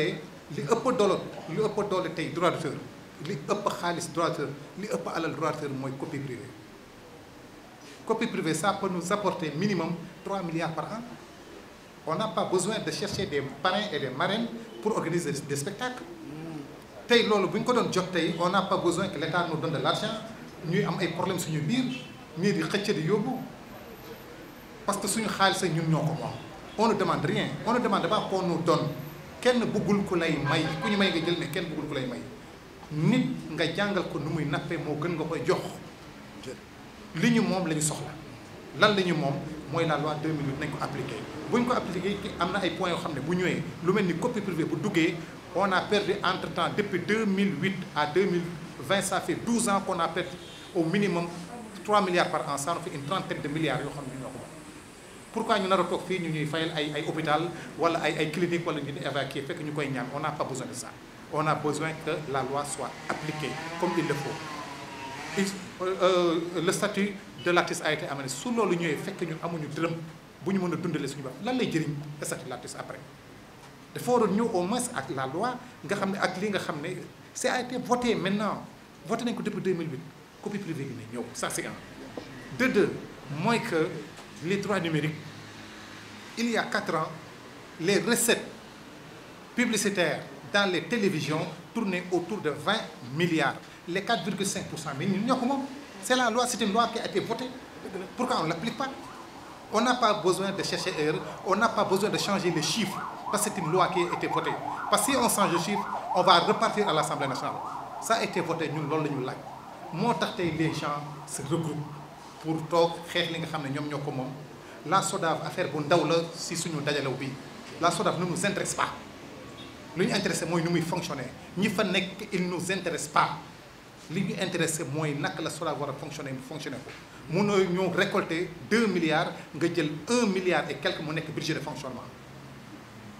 Les li ëpp doole li ëpp doole tey droit d'auteur li ëpp xaalis droit d'auteur li ëpp alal droit d'auteur copie privée copie privée ça peut nous apporter minimum 3 milliards par an on n'a pas besoin de chercher des parrains et des marraines pour organiser des spectacles tey loolu bu ko on n'a pas besoin que l'État nous donne de l'argent Nous, am ay problèmes suñu biir ñii di xëcc di yóbbu parce que suñu xaalis ñun ñoo ko on ne demande rien on ne demande pas qu'on nous donne kenn bëggul ku lay may ku ñu may nga jël mais kenn bëggul ku lay may nit nga jàngal ko nu muy nappe moo gën nga koy jox li ñu moom la soxla lan la ñu moom mooy la loi 2008 nañ ko appliqué buñ ko appliqué am na ay points yoo xam ne bu ñëwee lu mel ni copie privée bu duggee on a perdu entre temps depuis 2008 à 2020 ça fait 12 ans qu'on a perdu au minimum 3 milliards par an ça nous fait une trentaine de milliards yoo xam ne pourquoi ñu nar a toog fii ñu ñuy fayal ay ay hôpital wala ay ay clinique wala ñu évacuer fekk ñu koy ñaan on n'a pas besoin de ça on a besoin que la loi soit appliquée comme il le faut euh, euh, le statut de l'artiste a été amené Sous loolu ñëwee fekk ñun amuñu dërëm bu ñu mën de dundalee suñu bopp lan lay jëriñ statut de l'artiste après dafa waroon nous au moins ak la loi nga xam ne ak li nga c'est a été voté maintenant voté nañ depuis 2008 copie privée bi ça c'est un de deux moins que les droits numériques, il y a 4 ans, les recettes publicitaires dans les télévisions tournaient autour de 20 milliards. Les 4,5%, mais c'est la loi, c'est une loi qui a été votée. Pourquoi on ne l'applique pas On n'a pas besoin de chercher elle, on n'a pas besoin de changer les chiffres, parce que c'est une loi qui a été votée. Parce que si on change les chiffres, on va repartir à l'Assemblée nationale. Ça a été voté, nous, nous l'avons Moi, les gens se regroupent pour tok xex li nga xamné ne ñoko mom la SODAV affaire ne nous intéresse pas lu ñu intéressé intéresse, nu muy fonctionner ñi fa nous intéresse pas li ñu intéressé moy que la Soda fonctionne. fonctionner mu fonctionner ko récolter 2 milliards nga jël 1 milliard et quelques mu nek budget de fonctionnement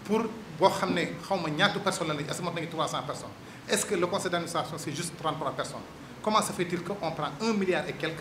pour bo xamné xawma ñaatu personnes personnes est-ce que le conseil d'administration c'est juste 33 personnes comment se fait-il qu'on prend 1 milliard et quelques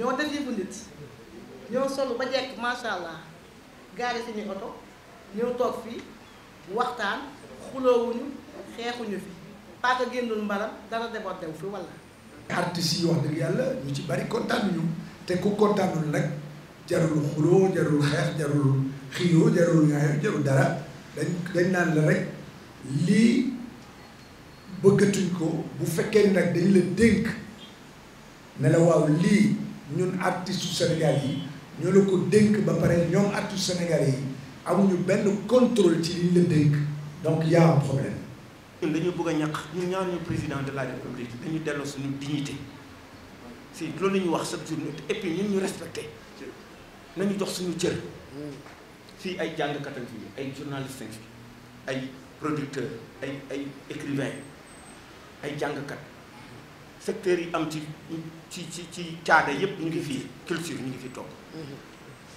ñoo def yëfu nit ñoo solo ba jekk macha allah gaari suñu oto ñëw toog fii waxtaan xuloowuñu xeexuñu fi paaka génnul mbaram dara débordé wu fi wala. artistes yi wax dëgg yàlla ñu ci bari kontaan te ku kontaanul nag jarul xuloo jarul xeex jarul xiiroo jarul ñaayo jarul dara dañ dañ naan la rek lii bëggatuñ ko bu fekkee nag dañ la dénk ne lii. ñun artistes du Sénégal yi ñu la ko dénk ba pare ñoom artistes sénégalais yi amuñu benn contrôle ci liñ la dénk donc y a un problème. ñun dañu bëgg a ñàq ñun ñaan ñu président de la république dañu delloo suñu dignité si loolu ñu wax chaque jour et puis ñun ñu respecté nañu jox suñu cër si ay jàngkat ak fii ay journalistes ay producteurs ay ay écrivain ay jàngkat. secteurs yi am ci ci ci ci caada yëpp ñu ngi fii culture ñu ngi fii toog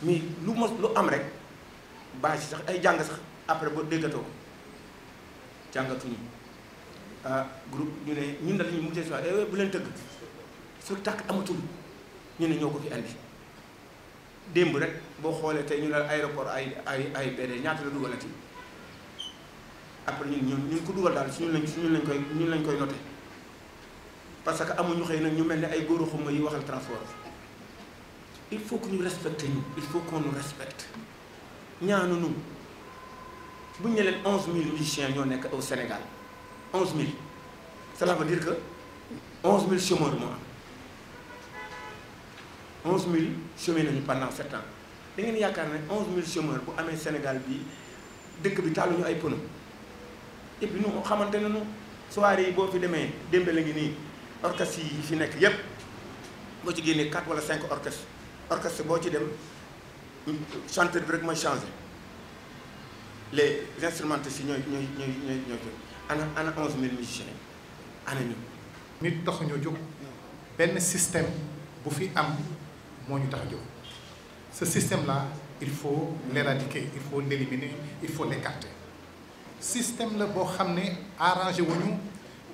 mais lu mos lu am rek ci sax ay jàng sax après boo déggatoo jàngatu jàngatuñu ah ñu ne ñun da lañu mujjee soit eh bu leen tëgg spectacle amatul ñu ne ñoo ko fi indi démb rek boo xoolee tey ñu ne aéroport ay ay ay AIBD ñaata la dugalati après ñun ñun ñu ko dugal daal si ñu lañ si ñun lañ koy ñun lañ koy noté. Parce que nous a pas d'autre qui Il faut que nous respecte, il faut qu'on nous respecte. Nous faut 11 000 chiens au Sénégal, 11 000, cela veut dire que 11 000 sont morts. 11 000 sont pendant 7 ans. Vous pensez 11 000 sont morts pour amener le Sénégal dans un où Et puis nous, vous le nous, la soirée, demain, vous allez y orchestre yi fi nek yépp ou ci orchestres. quatre wala cinq orchestre orchestre bo ci dem chanteur bi rek changé les instruments sont ñoy ñoy ñoy ñoy avons un onze musiciens ñu nit système bu fi am mo ñu tax ce système là il faut l'éradiquer il faut l'éliminer il faut l'écarter système la il xamné arranger arrangé wuñu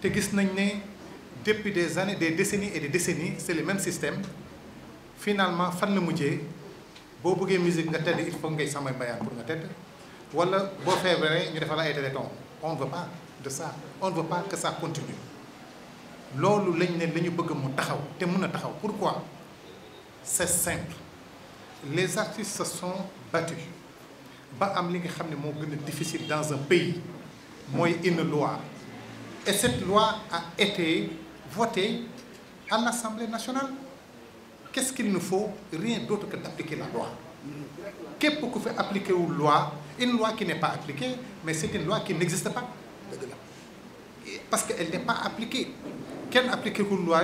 te gis nañ depuis des années des décennies et des décennies c'est le même système finalement fan la mujjee boo bëggee musique nga de il faut ngay samay mbayaan pour nga tedd wala boo février, ñu defal la ay on ne veut pas de ça on ne veut pas que ça continue loolu lañ ne la pas bëgg mu taxaw te pourquoi c'est simple les artistes se sont battus ba am li nga xam ne difficile dans un pays mooy une loi et cette loi a été Voter à l'Assemblée nationale qu'est-ce qu'il nous faut rien d'autre que d'appliquer la loi Qu'est-ce Qu'est-ce qu'on fait appliquer une loi une loi qui n'est pas appliquée mais c'est une loi qui n'existe pas parce qu'elle n'est pas appliquée kenn appliquer une loi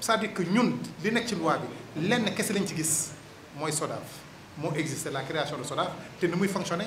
Ça veut dire que ñun li nekk ci loi Ce lenn kese lañ ci gis SODAF. existe la création de SODAF. Et nous fonctionner